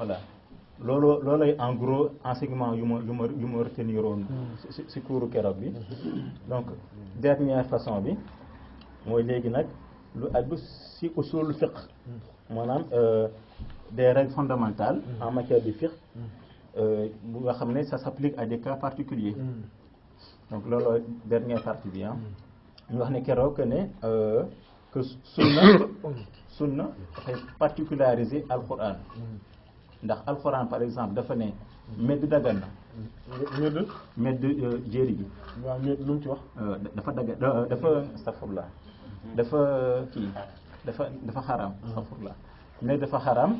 voilà lolo lolo en gros enseignement yu ma yu ma yu ma retenir woon si hmm. si bi donc dernière façon bi moy légui nak lu aju si usul fiqh hmm. euh des règles fondamentales hmm. en matière de fiqh euh, bu nga ça s'applique à des cas particuliers donc lolo dernière partie bi hein ñu wax ne que euh que sunna sunna est particulariser al quran ndax alcorane par exemple dafa ne medd dagan na. medd medd jeri gi. wa medd lu ci wax. dafa dag dafa astaghfirullah dafa ki dafa dafa haram astaghfirullah medd dafa haram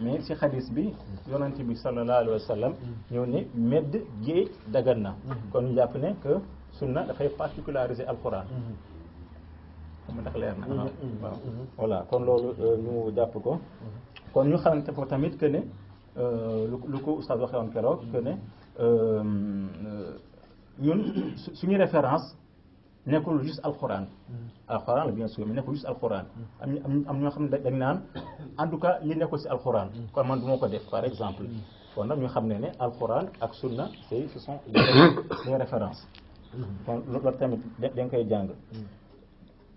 mais ci hadith bi yonnati bi sallallahu alayhi wasallam sallam ñëw ne medd ge dagan na. kon jàpp ne que sunna da fay particulariser alcorane xam nga ndax leer na. waaw voilà kon lolu ñu jàpp ko. kon ñu tamit que euh, ko que ne euh, euh, suñu référence nekkul mm. bien sûr mais nekkul juste mm. am am en tout cas li nekkul si pas mm. kon man par exemple. kon nag ñu xam sunna ce sont les références.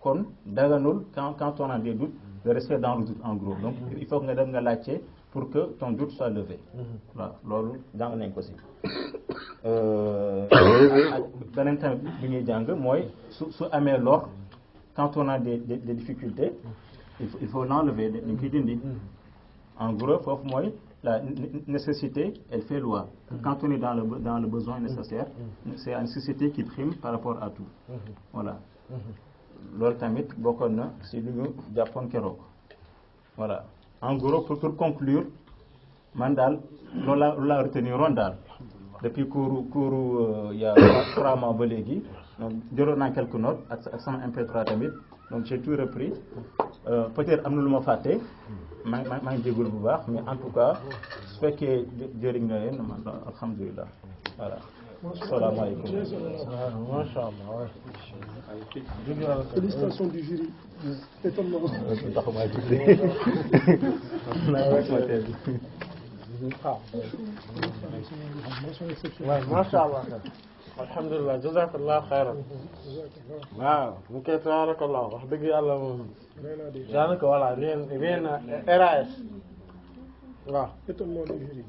kon daganul quand quand on a des doutes de rester dans le doute en gros donc il faut que dem nga laccé pour que ton doute soit levé. Mm-hmm. Voilà. lolu jàng nañ ko ci euh, ak beneen bi su quand on a des des difficultés il faut l'enlever ni mm-hmm. en gros la nécessité elle fait loi mm-hmm. quand on est dans le dans le besoin nécessaire c'est la nécessité qui prime par rapport à tout voilà l'ultimate tamit voilà en gros pour conclure mandal, retenu retenu depuis euh, il y a trois mois donc quelques notes donc j'ai tout repris euh, peut-être ma hmm. mais en tout cas que na voilà. السلام عليكم ما شاء الله Félicitations du jury. Étonnement. ما شاء الله الحمد لله جزاك الله خيرا waaw mu koy tabaraka Allah wax dëgg yàlla moom daanaka voilà rien rien RAS waaw étonnement du jury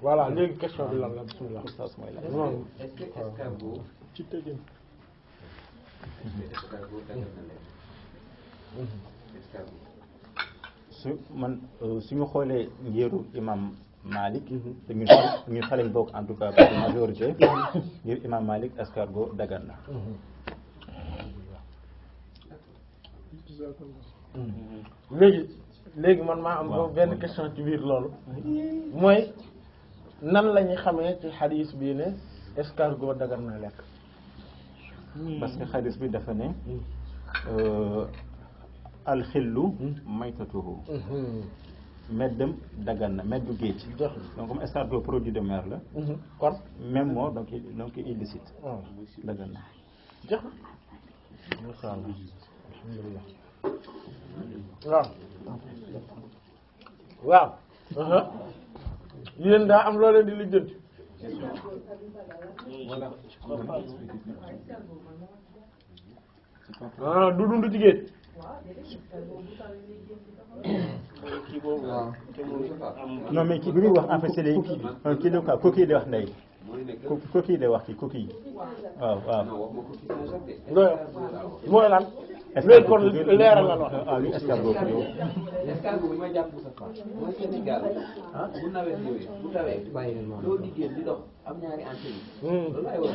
voilà léegi question bi lan la su man euh, suñu xoolee njëru imam Malik. Mhm. te ñun bokk en tout cas pour majorité. ngir imam Malik escargot dagan na. Mhm. légui man ma am ben question ci bir lolu moy nan lañu xamé ci hadith bi ne escargot dagan na lek parce que hadith bi dafa ne euh al khillu maytatuhu meddem dagan na meddu géej donc comme escargot produit de mer la kon même mo donc donc illicite dagan na jeex na masha Allah waaw waaw uh-huh. yéen daa am loo leen di lijjanti ah, du dund jigéen non mais kii bi muy wax en fait c'est les kii la euh, quoi coquille de wax ndey coquille de wax kii coquille waaw waaw mooy lan loolu kon leeral la lool. escargot escargot bi ma jàpp sa fa mooy Sénégal bu nawet ñëwee bu tawee bàyyi leen loo liggéey di dox am ñaari antenne loolu ay wax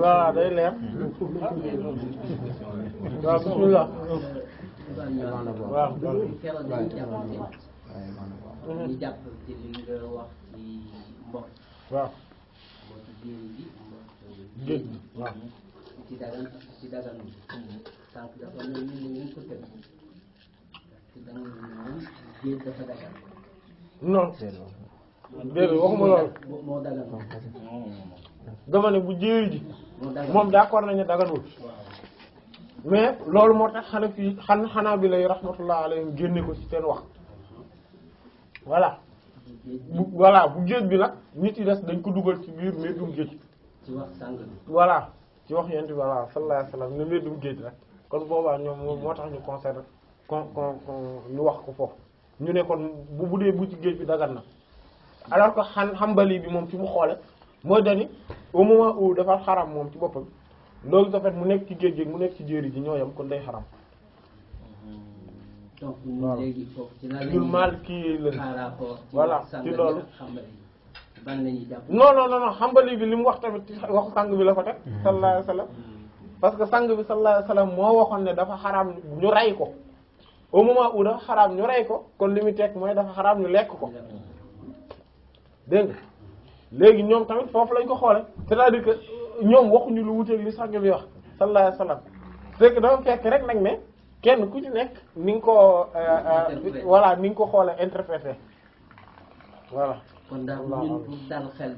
waaw day leer waaw bismillah waaw ñu jàpp ci li nga wax ci mbokk waaw mbokk génn bi mbokk non dama bu jéeri ji moom d'accord nañu daganul mais loolu moo tax xana fii xan xanaa bi lay rahmatullah alayhim génne ko ci seen wax voilà bu voilà bu géej bi nag nit yi des dañ ko dugal ci biir mbéyum géej ci wax sàng voilà ci wax yent bi voilà sallallahu alayhi ne mbéyum géej nag kon boobaa ñoom moo tax ñu conserve kon kon kon ñu wax ko foofu ñu ne bu bu dee bu ci géej bi dagan na alors que xan xambali bi moom fi mu xoole mooy dani au moment où dafa xaram moom ci boppam loolu dafa mu nekk ci géej mu nekk ci jéeri ji ñoo yam kon day xaram donc léegi foofu ci kii la par rapport voilà ci loolu ban la ñuy jàpp non bi li mu wax tamit wax sang bi la ko teg mm-hmm. sallallahu alayhi mm-hmm. parce que sang bi sallallahu alayhi wa moo waxoon ne dafa xaraam ñu rey ko au moment où dafa xaraam ñu rey ko kon li mu teg mooy dafa xaraam ñu lekk ko mm-hmm. dégg léegi ñoom tamit foofu lañ ko xoole c'est-à-dire ñoom waxuñu lu wuteeg li sang bi wax sallallahu alayhi wasallam c'est que fekk rek nag ne kenn ku ñu nekk ni nga ko euh, euh, voilà ni nga ko xoole interprété voilà kon daal xam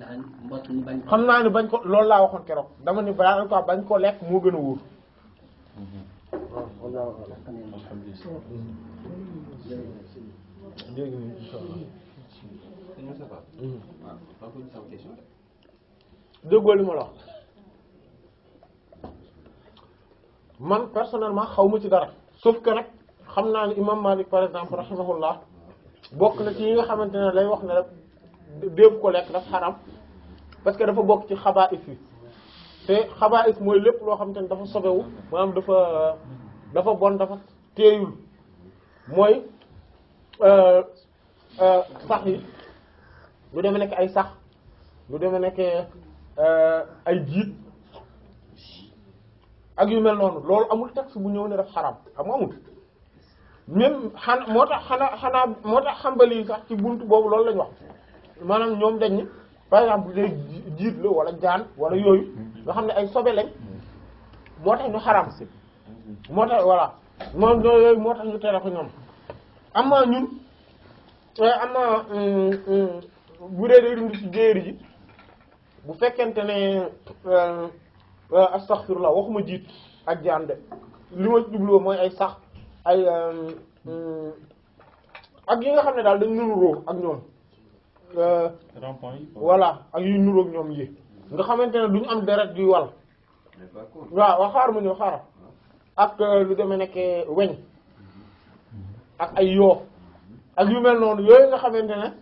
naa ne bañ ko loolu laa waxoon keroog dama ni balaa nga bañ ko lekk moo gën a wóor. waaw déggoo li ma la wax man personnellement xaw ma ci dara sauf que nag xam naa ne imam Malik par exemple rahimahullah bokk na ci yi nga xamante ne lay wax ne rek déeb ko lekk daf xaram parce que dafa bokk ci xabaa'is yi te xabaa'is mooy lépp loo xamante ne dafa sobewu maanaam dafa dafa bon dafa teeyul mooy sax yi lu deme nekk ay sax lu deme nekk euh, ay jiit ak yu mel noonu loolu amul teg texte bu ñëw ne daf xaraam xam nga amul même xana moo tax xanaa xanaa moo tax xambali yi sax ci buntu boobu loolu lañ wax maanaam ñoom dañ ni par exemple day jiit la wala jaan wala yooyu nga xam ne ay sobe lañ moo tax ñu xaraam si moo tax voilà moom yooyu moo tax ñu te ko ñoom am ñun am na bu dee day dund ci jéeri ji bu fekkente ne euh, euh, astaghfirullah waxuma jiit ak jaan de li ma jubloo mooy ay sax ay euh, ak yi nga xam ne daal dañ nuroo ak ñoom voilà ak yu nuroo ak ñoom yi nga xamante ne duñu am deret yuy wal waaw waaw xaar mu ñëw ak lu demee nekk weñ ak ay yoo ak yu mel noonu yooyu nga xamante ne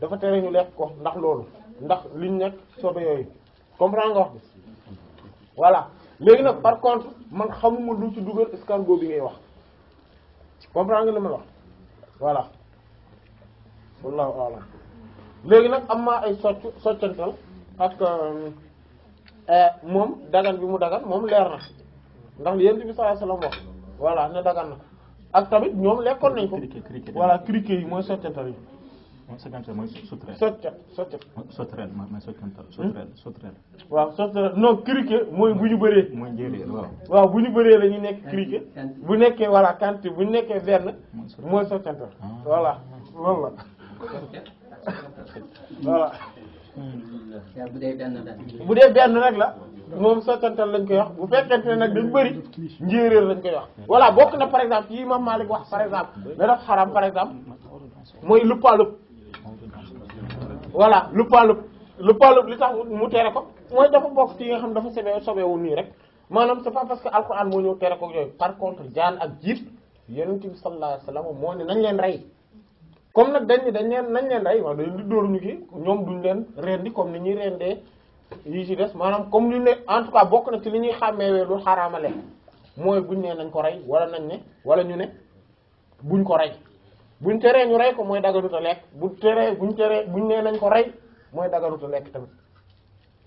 dafa téré ñu lekk ko ndax loolu ndax liñ nek sobe yoy comprendre nga wax bi voilà léegi nag par contre man xamuma lu ci duggal escargot bi ngay wax comprendre nga li wax voilà wallahu a'lam légui nak amma ay soccu soccantal ak euh eh, mom dagan bi mu dagan mom leer na ndax yent bi sallallahu alayhi wasallam wax voilà na dagan na ak tamit ñom lekkon nañ ko voilà criquet yi mooy soccantal mooy sotcat sotcat sotrel mooy sotcantal sotrel sotrel waaw sotrel non criquet mooy bu ñu bëree mooy njëriñ waaw bu ñu bëree la ñu nekk criquet bu nekkee voilà quantité bu nekkee benn mooy sotcantal voilà loolu la voilà bu dee benn bu dee benn nag la moom sottantal lañ koy wax bu fekkente ne nag dañ bëri njéeréer lañ koy wax voilà bokk na par exemple yi Imam Malik wax par exemple da daf xaram par exemple mooy lëppalëpp voilà lu paalub lu paalub li tax mu tere ko mooy dafa bokk ci yi nga xam dafa sobe sobewu nii rek maanaam c'est pas parce que alquran moo ñëw tere ko yooyu par contre jaan ak jiit yonent bi sallallahu alayhi moo nañ leen rey comme nag dañ dañ leen nañ leen rey waaw dañ di dóor ñu kii ñoom duñ leen rendi comme ni ñuy rendee yi si des maanaam comme ñu ne en tout cas bokk na ci li ñuy xàmmeewee lu xaraamale mooy buñ ne nañ ko rey wala nañ ne wala ñu ne buñ ko rey buñ teree ñu rey ko mooy dagalut a lekk bu teree buñ teree buñ nee nañ ko rey mooy dagalut a lekk tamit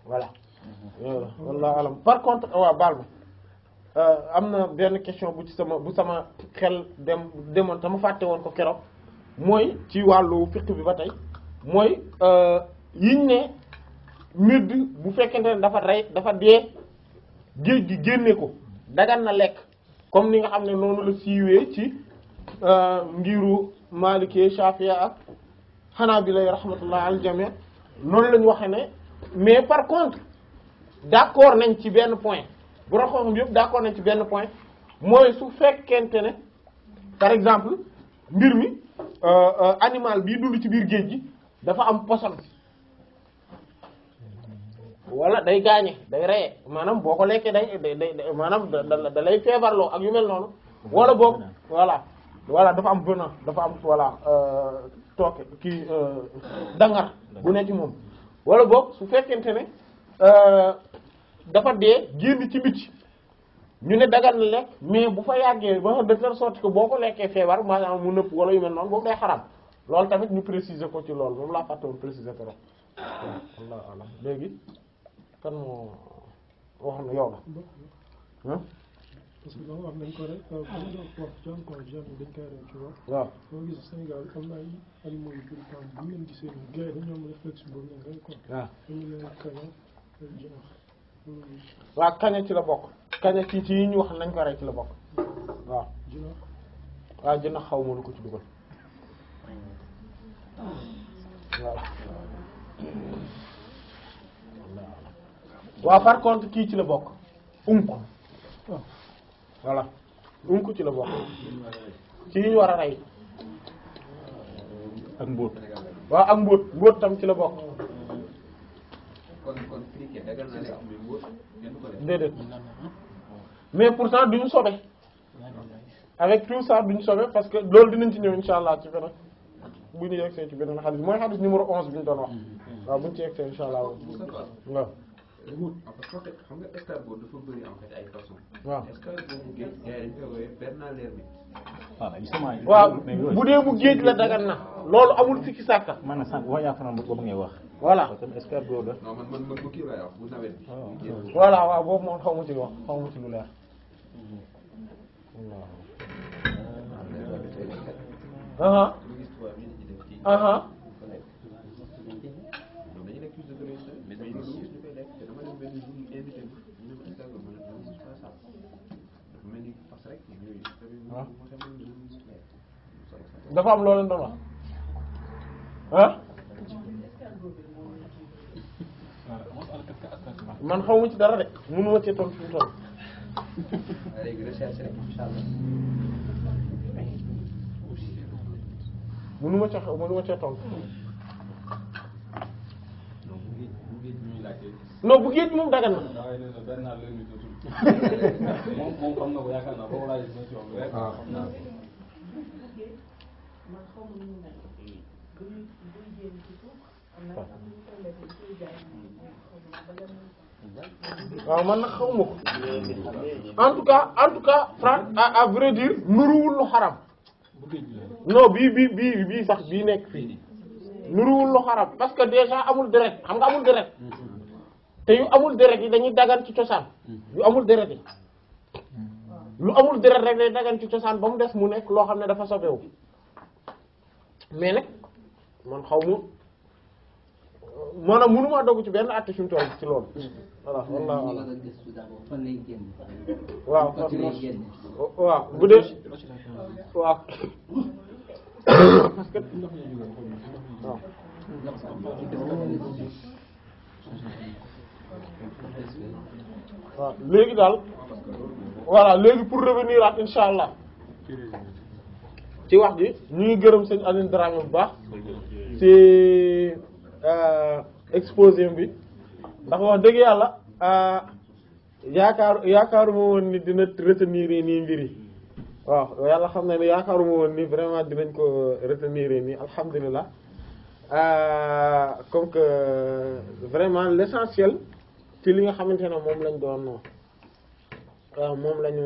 voilà euh, wallahu alam par contre euh, waaw baal ma euh, am na benn question bu ci sama bu sama xel dem demoon sama fàtte woon ko keroog mooy ci wàllu fiq bi ba tey mooy yiñ ne mbir bi bu fekkente ne dafa rey dafa dee géej gi génne ko dagan na lekk comme ni nga xam ne noonu la siiwee ci mbiru euh, Maliki Shafi'i ak Hanabila rahmatullah al jami noonu la ñu waxee ne mais par contre d'accord nañ ci benn point borom xam-xam yëpp d'accord nañ ci benn point mooy su fekkente ne par exemple mbir mi euh, euh, animal bii dund ci biir géej gi dafa am poison wala day gaañe day reye maanaam boo ko lekkee day day day maanaam da lay feebarloo ak yu mel noonu wala boog voilà voilà dafa am venin dafa am voilà euh, tooke kii euh, dangar bu ne ci moom wala boog su fekkente ne euh, dafa dee génn ci biti ñu ne dagal na lekk mais bu fa yàggee ba de telle sorte boo ko lekkee feebar maanaam mu nëpp wala yu mel noonu boobu day xaram loolu tamit ñu préciser ko ci loolu moom laa fàtte woon préciser ko Allah Allah léegi kan moo wax na yow la parce que ko rek wax jom quoi jom ci kaña ci la bokk. kaña ci ci yi ñu wax nañ ko rey ci la bokk. waaw jinax. waaw xaw ma lu ko ci dugal. waaw. par contre kii ci la bokk. um voilà um ko ci la bokk ci yi ñu war a rey ak mbóot waaw ak mbóot mbóot tam ci la bokk déedéet mais pourtant duñu sobe avec tout ça duñu sobe parce que loolu dinañ ci ñëw insha allah ci beneen bu ñu yegsee ci beneen xadis mooy xadis numéro onze bi ñu doon wax mm-hmm. waaw bu ñu ci yegsee insha allah waaw remote en fait côté xam nga escargot dafa bëri en fait ay façon. waaw escargot mu géej gars yi dañ koy bu géej la dagan na. loolu amul sikki sàkka. man na sànq wax yaakaar naa boobu ngay wax. voilà kon escargot la. non man man man bu kii laay wax bu nawet bi. Oh, voilà waaw boobu moom xaw ma ci wax lu leer. waaw. Ah, ah. dafa am loo leen doon wax ah man xaw ma ci dara de mënu ma ci toon fi mu toll mënu ma ci mënu ma ci toon non bu géej moom dagan na waaw man na xawma en tout cas en tout cas franc à vrai nuruwul lu xaram non bii bii bii bii sax bii nekk fii nuruwul lu xarab parce que déjà amul deret xam nga amul deret te yu amul deret yi dañuy dagan ci cosaan yu amul deret yi lu amul deret rek day dagan ci cosaan ba mu def mu nekk loo xam ne dafa sobewu mais nag man xaw ma maanaam mënumaa dogg ci benn àtte fi mu toll ci loolu voilà wallaahi waaw waaw bu dee waaw waaw léegi daal voilà léegi pour revenir ak insha ci wax ji ñu gërëm sëñ Alioune Dramé bu baax ci euh, exposé bi ndax wax dëgg yàlla euh, yaakaar yaakaaruma woon ni dina retenir nii mbir yi waaw yàlla xam na ni yaakaaruma woon ni vraiment dinañ ko retenir nii alhamdulilah euh, comme que vraiment l'essentiel ci li nga xamante ne moom lañ doon moom lañu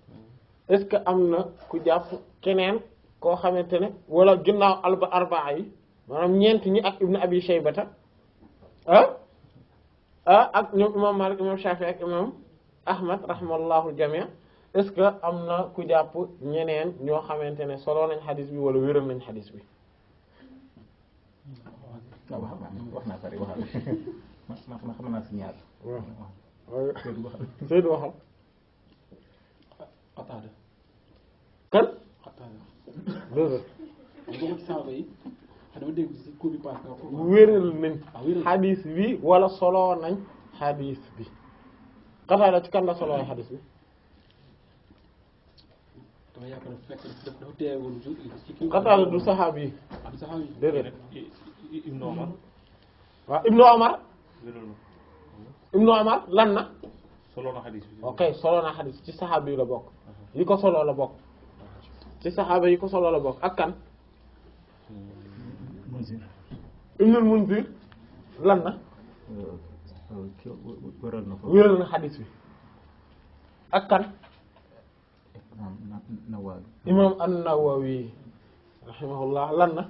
est-ce amna ku jàpp keneen ko xamantene wala ginnaw alba arbaa yi manam ñent ñi ak ibnu abi shaybata ah ah ak ñom imam malik imam shafi ak imam ahmad rahmalahu jamia est-ce amna ku jàpp ñeneen ño xamantene solo nañ hadith bi wala wéral nañ hadith bi wax naa pare waxal xam naa ci ñaar Seydou waxal kan. loolu wéral nañ bi wala solo nañ xadis bi xataada ci kan la solo nañ xadis bi xataada du saxaab yi déedéet ibnu omar waaw ibnu omar ibnu omar lan na ok solo na xadis ci saxaab yi la bokk li ko solo la bokk ci saxaaba yi ko solo la bokk ak kan ibnul munzir lan na wéral na xadis bi ak kan imam an-nawawi rahimahullah lan na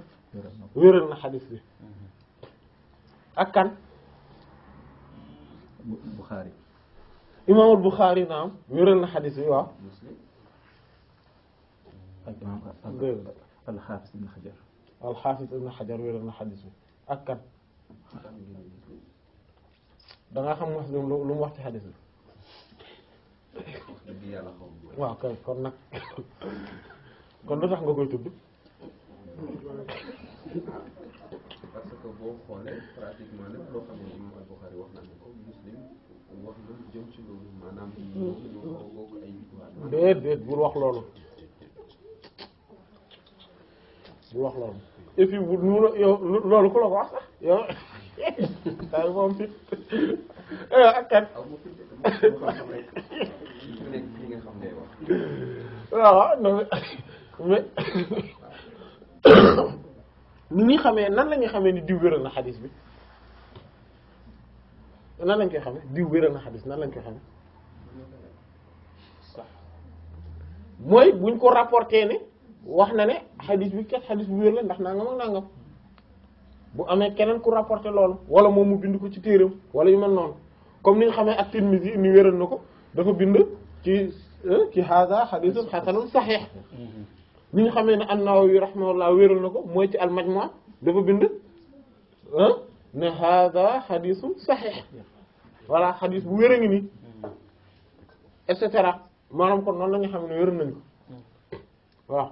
wéral na xadis bi ak kan buxaari imaamul buxaari naam wéral na xadis bi waaw al imaam alxaafis ibn xajar alxaafis ibn xajar wéral na xadis bi ak kan danga xam muslim lu mu wax ci xadis bi waaw kay kon nag kon lu tax nga koy tudd parce que boo xoolee pratiquement lépp loo xam ne imam al-Bukhari wax nañu ko muslim wax na jëm ci loolu maanaam hmm. déet déet bul wax loolu suñu wax loolu et nu ku la ko wax sax yow daal moom fit eh, ak kan waaw non mais ni ñuy xamee nan la ñuy xamee ni diw wéral na xadis bi nan lañ koy xamee diw wéral na xadis nan lañ koy xamee mooy buñ ko rapporté ne wax na ne xadis bi kat xadis bu wér la ndax nangam ak nangam bu amee keneen ku rapporté loolu wala moom mu bind ko ci téeram wala yu mel noonu comme ni nga xamee ak Tirmidhi yi ni wéral na ko dafa bind ci euh, ci haza xadisun xasanun saxiix ni xamee ne an-Nawawi rahimahullah wéral na ko mooy ci al-Majmu' dafa bind ne haza xadisun saxiix voilà xadis bu wér a ngi nii et cetera maanaam kon noonu la nga xam ne wér nañ ko waaw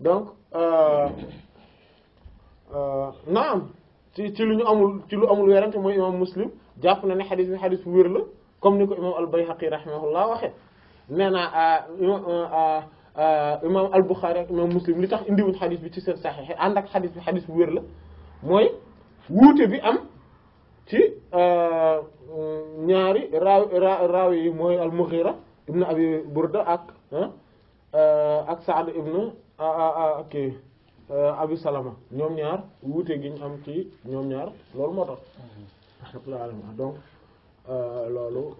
donc naam ci ci lu amul ci lu amul weerante mooy imam muslim jàpp na ne xadis bi xadis bu wér la comme ni imam al-Bayhaqi rahimahullah waxee nee naa imam al-Bukhari ak imam muslim li tax indiwuñ hadith bi ci seen saxiix ànd ak xadis bi xadis bu wér la mooy wuute bi am ci ñaari raaw raaw yi mooy al-Mughira ibn Abi Burda ak ak Saad ibn Ah, ah, ah, ok euh, abi salama ñoom ñaar wuute gi ñu am ci ñoom ñaar loolu moo tax mhm. donc euh, loolu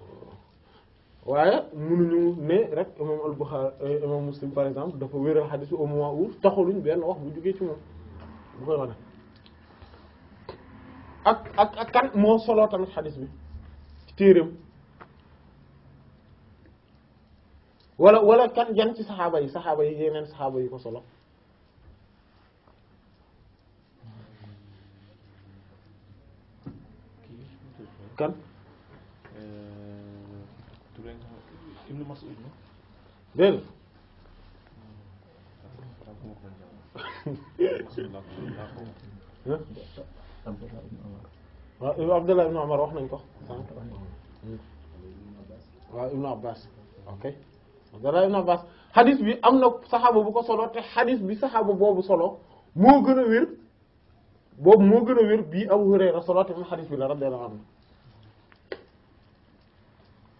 waaye mënuñu ne rek imam al euh, imam Muslim par exemple dafa wéral xadis bi au moment où taxaluñ benn wax bu jógee ci moom bu koy wane ak ak ak kan moo solo tamit xadis bi téereem wala wala kan jan ci sahaba yi sahaba yi yenen sahaba yi ko solo kan ibnu mas'ud dégg waaw abdullah ibn umar wax nañ ko wa ibn abbas okay Abdullah ibn Abbas xadis bi am na saxaaba bu ko solo te xadis bi saxaabu boobu solo moo gën a wér boobu moo gën a wér bii Abu Hurayra bi la radiyallahu anhu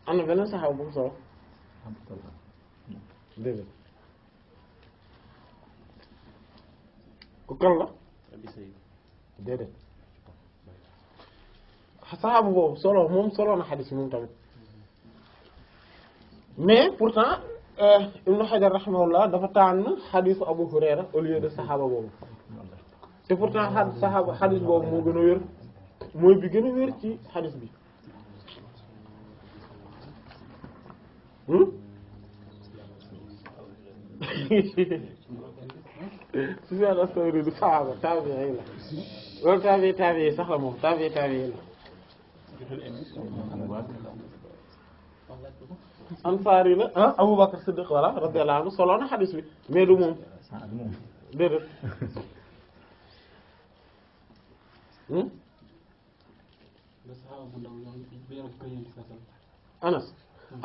am na beneen saxaaba bu solo la déedéet saxaaba boobu solo moom solo na xadis moom tamit mais pourtant euh Ibn Hajar rahimahullah dafa tan hadith Abu Hurayra au lieu de sahaba boobu te pourtant hadith sahaba hadith boobu mo gëna wér moy bi gëna wér ci hadith bi hmm Sufyaan as-Sawri du sahaba saxaaba taabi'i la loolu taabi'i taabi'i sax la moom taabi'i taabi'i la ansaari la ah Aboubacar Siddiq wala radiyallahu anhu solo na xadis bi mais du moom déedéet anas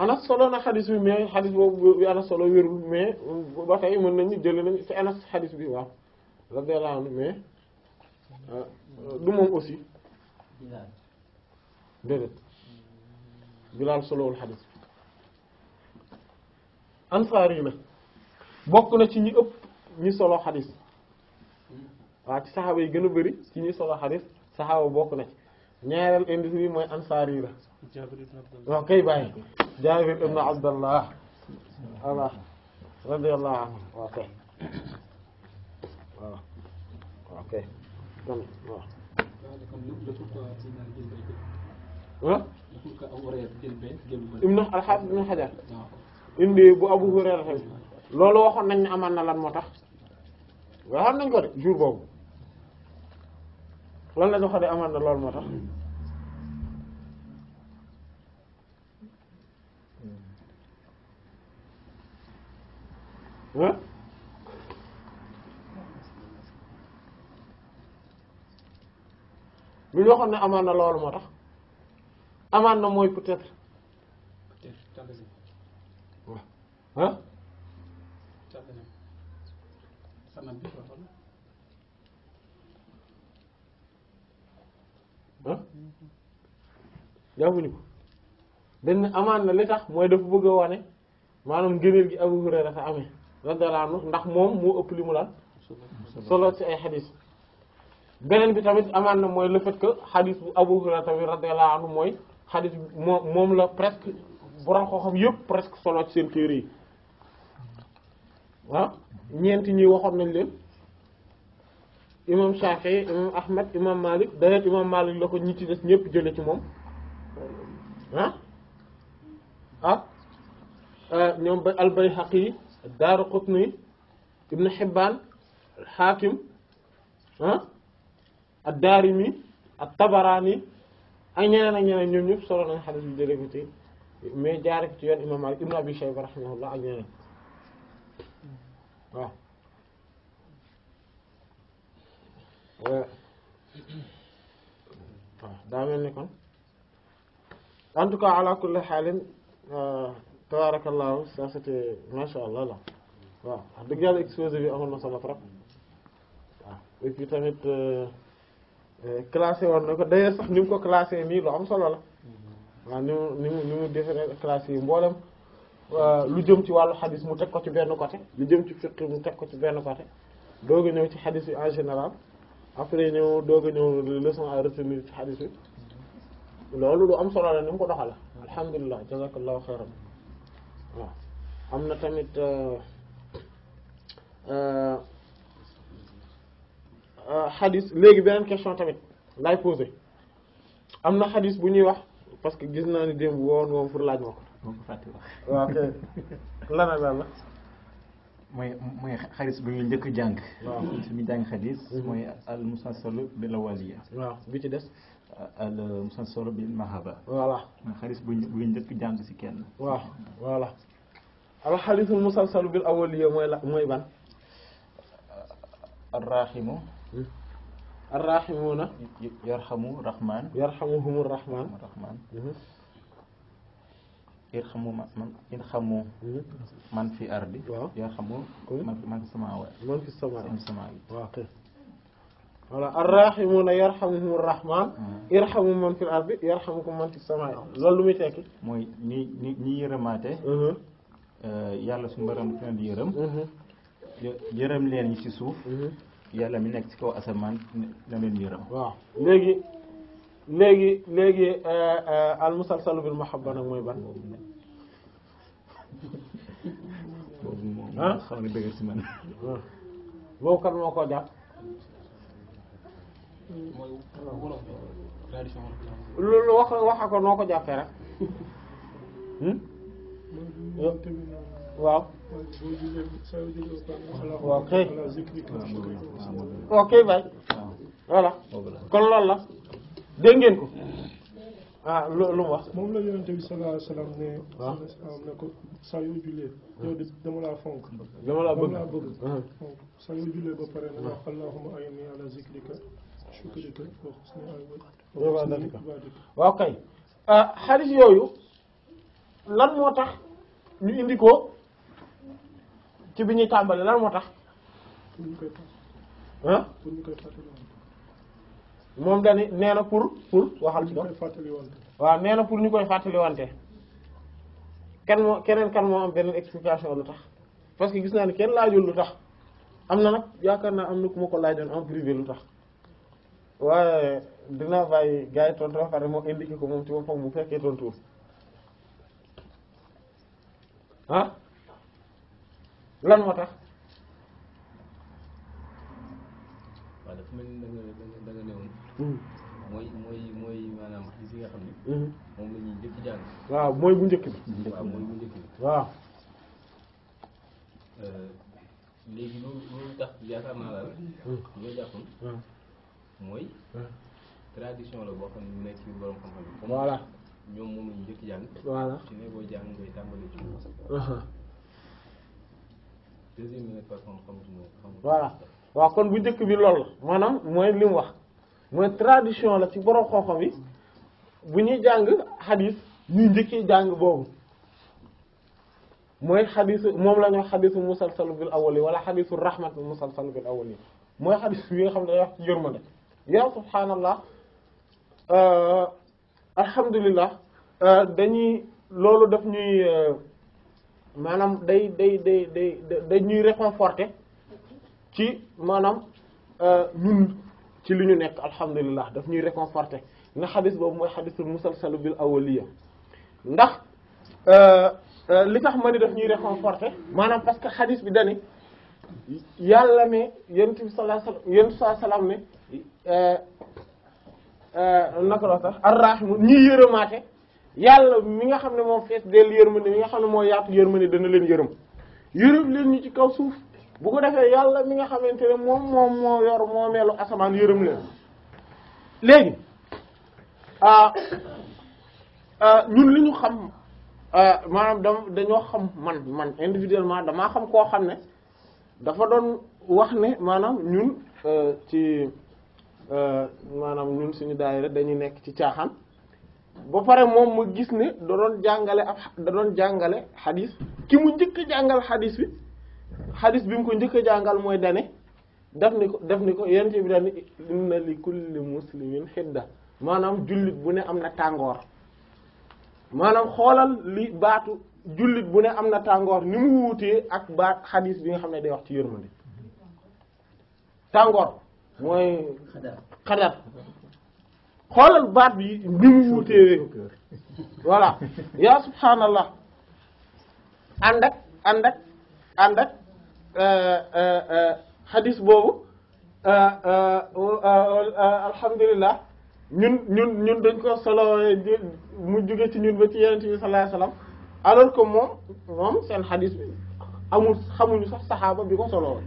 anas solo na xadis bi mais xadis boobu bi anas solo wérul mais ba tey mën nañu jëli nañ ci anas xadis bi waaw radiyallahu anhu mais du mom aussi bilal solo solowul hadith ansaar yi na bokk na ci ñi ëpp ñi solo xadis waa ci saxaaba yi gën a bari ci ñi solo xadis saxaaba bokk na ci ñaareel indi bi mooy ansaar yi la waaw kay bàyyi Jaabir ibn Abdallah ala radiyallahu anhu waaw kay waaw waaw indi bu Abu Hurayra tamit loolu waxoon nañ ne amaan na lan moo tax waxoon nañ ko de jour boobu lan lañ waxoon ne na loolu moo tax ah ne amaan na loolu moo tax amaan na mooy peut ah. ah jànguñu ko dañ ne amaan na li tax mooy dafa bëgg a wane maanaam ngëneel gi Abu Hurayra sa amee radiyallahu anhu ndax moom moo ëpp li mu lan solo ci ay xadis beneen bi tamit amaan na mooy le fait que xadis bu Abu Hurayra tamit radiyallahu mooy xadis moom moom la presque borom xooxam yëpp presque solo ci seen téere yi ah ñeenti ñuy waxoon nañ leen imam Shafi'i imam Ahmad imam Malik dayet imam Malik la ko ñi ci des ñëpp jële ci moom ah ah ñoom ba al-Bayhaqi yi Daaraqutni yi Ibn Hibbaan al-Haakim ah ad-Daarimi at-Tabaraani ak ñeneen ak ñeneen ñoom ñëpp solo nañ xadis bi jële ko ci mais jaare ko ci yoon imam Malik ibn ba Shayba rahimahullah ak ñeneen آه. و daa mel ni kon en tout cas ala kulli xaalin tabarakallahu ça c'était macha allah la waaw wax dëgg yàlla exposé bi amoon na solo trop waaw et puis tamit classé woon na ko d'ailleurs sax ni mu ko classé nii lu am solo la waaw ni mu ni mu ni mu defaree classé yi mboolem Euh, lu jëm ci wàllu xadis mu teg ko ci benn côté lu jëm ci fiqh mu teg ko ci benn côté doo a ñëw ci xadis bi en général après ñëw doog a ñëw leçon à retenir ci xadis bi loolu lu am solo la ni mu ko doxale alhamdulilah jazakallahu xayran waaw am na tamit euh, euh, xadis léegi beneen question tamit laay poser am na xadis bu ñuy wax parce que gis naa ni démb woon woon pour laaj ma ko moom fàtte wax. waaw kay lan ak lan la. mooy mooy xadis bi ñu njëkk jàng. waaw suñu jàng xadis. mooy al musalsalu bil awaliya. waaw bi ci des. al musalsalu bil mahaba. voilà mooy xadis bu ñu bu ñu njëkk jàng si kenn. waaw voilà. al xadisul musalsalu bil awaliya mooy la mooy ban. arraximu. arraximuuna. yarxamu raxmaan. yarxamuhumu raxmaan. raxmaan. يخمو من يخمو من في أرضي يا خمو من في السماوات من في السماوات من السماوات ولا الرحمون يرحمهم الرحمن يرحم من في الأرض يرحمكم من في السماء لولو ميتاكي موي ني ني يرماتي اها يالا سون بارام فين ييرم اها ييرم لين سي سوف يالا مي نيك سي كو اسمان لا مين ييرم واه ليغي ليغي ليغي المسلسل بالمحبه نك موي بان ah xaw na dëgër si man. boobu kan moo ko jàpp. loolu wax waxa ko noo ko bay. Hmm? voilà kon loolu la dégg ah lu lu mu wax. moom la yonent bi sallallahu alayhi ne. Ah. waaw ne jullee. dama laa fonk. dama laa bëgg dama laa ah. jullee ba pare ne wax ah. allahumma a'inni ala zikrika shukrika waaw kay xaalis yooyu lan moo tax ñu indi ci bi ñuy tàmbali lan moo tax. pour ñu koy fàttali. moom dani nee na pour pour waxal ci waaw nee na pour ñu koy fàttaliwante kenn moo keneen kan moo am beneen explication lu tax parce que gis naa ni kenn laajul lu tax am na nag yaakaar naa am na ku ma ko laajoon en privé lu tax waaye dinaa bàyyi gars yi tontu pare moo indiqué ko moom ci boppam bu fekkee tontu ah lan moo tax. mooy mooy mooy maanaam xadis yi nga xam ne. Mm-hmm. moom la ñuy jàng. waaw mooy bu njëkk bi. waaw mooy bu njëkk bi. waaw. Euh, mm-hmm. mm-hmm. la boo nekk ci borom xam-xam kon bu njëkk bi loolu la mooy li wax. moy tradition la ci borom xam-xam yi bu ñuy jàng xadis ñuy njëkkee jàng bobu moy hadith mom la ñu wax musalsal bil awwali wala xadisu rahmat musalsal bil awwali moy hadith yi nga xam dañ wax ci yorma ya subhanallah euh alhamdullilah euh dañuy lolu daf ñuy manam day day day day dañuy réconforter ci maanaam ñun ci li ñu nekk alhamdulilah daf ñuy réconforter na hadith bobu moy hadithul musalsal bil awliya ndax euh li tax ma ni daf ñuy réconforter manam parce que hadith bi dani yàlla me yentou sallallahu alayhi sallallahu alayhi wasallam ne naka la sax arrahim ñiy yërëmaate yàlla mi nga xamne mo fess del dell yërmande mi nga xamne mo moo yaatu yërmande dana len yërëm yeurum len ñu ci kaw suuf bu ko defee yàlla mi nga xamante ne moom moom moo yor moo meelu asamaan yërëm leen léegi ah, ah ñun lu ñu xam ah, maanaam da dañoo xam man man individuellement damaa xam koo xam ne dafa doon wax ne maanaam ñun ah, ci maanaam ñun suñu daayira dañuy nekk ci caaxaan ba pare moom mu gis ne da doon jàngale ak da doon jàngale xadis ki mu njëkk jàngal xadis bi xadis bi mu ko njëkk a jàngal mooy dane def ni ko def ni ko yent bi dane inna li kulli muslimin xidda maanaam jullit bu ne am na tàngoor maanaam xoolal li baatu jullit bu ne am na tàngoor ni mu wuutee ak baat xadis bi nga xam ne day wax ci yërmande tàngoor mooy xadar xoolal baat bi ni mu wuutee voilà yaa subhaanallah ànd ak ànd Euh, euh, euh, xadis boobu oh, alhamdulilah ñun ñun ñun dañ ko solo mu jóge ci ñun ba ci yenente bi sallallahu alayhi wasallam alors que moom moom seen xadis bi amul xamuñu sax saxaaba bi ko solo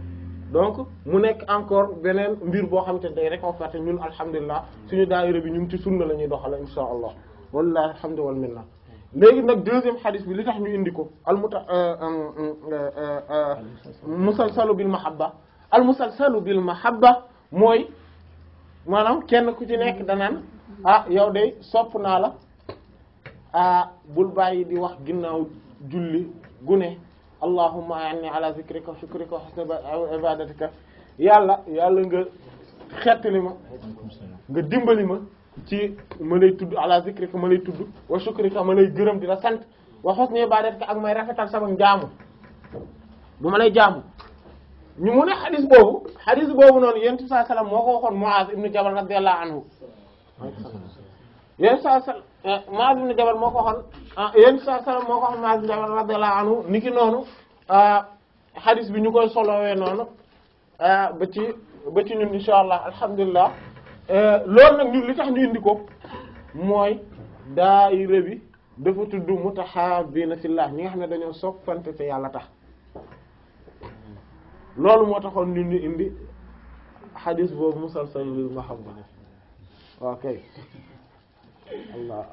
donc mu nekk encore beneen mbir boo xam te day réconforté ñun alhamdulilah suñu daayira bi ñun ci sunna la ñuy doxale insha allah wallahi alhamdu wal minna legui nak deuxième hadith bi li tax ñu indi ko al muta musalsalu bil mahabba al musalsalu bil mahabba moy manam kenn ku ci nek da nan ah yow de sopp naa la ah bul bàyyi di wax ginnaw julli gune allahumma anni ala zikrika wa shukrika wa husna ibadatika yàlla yàlla nga xettali ma nga dimbali ma ci ma lay tudd ala zikrika ma lay tudd wa shukrika ma lay gërëm di la sant wa husni ibadatika ak may rafetal sama njaamu bu ma lay jaamu ñu mu ne xadis boobu xadis boobu noonu yonent bi sallallahu moo ko waxoon Muaz ibn Jabal radiyallahu moo ko waxoon yonent bi sallallahu moo ko waxoon Muaz ibn Jabal radiyallahu anhu eh, ah, ni noonu ah, xadis bi ñu koy solowee noonu ah, ba ci ba ci ñun insha allah alhamdulillah Euh, loolu nag li tax ñu indi ko mooy daayira bi dafa tudd na fillah ñi nga xam ne dañoo soppante te yàlla tax loolu moo taxoon ñun ñu indi xadis boobu musalsal lil mahabba ok Allah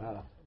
voilà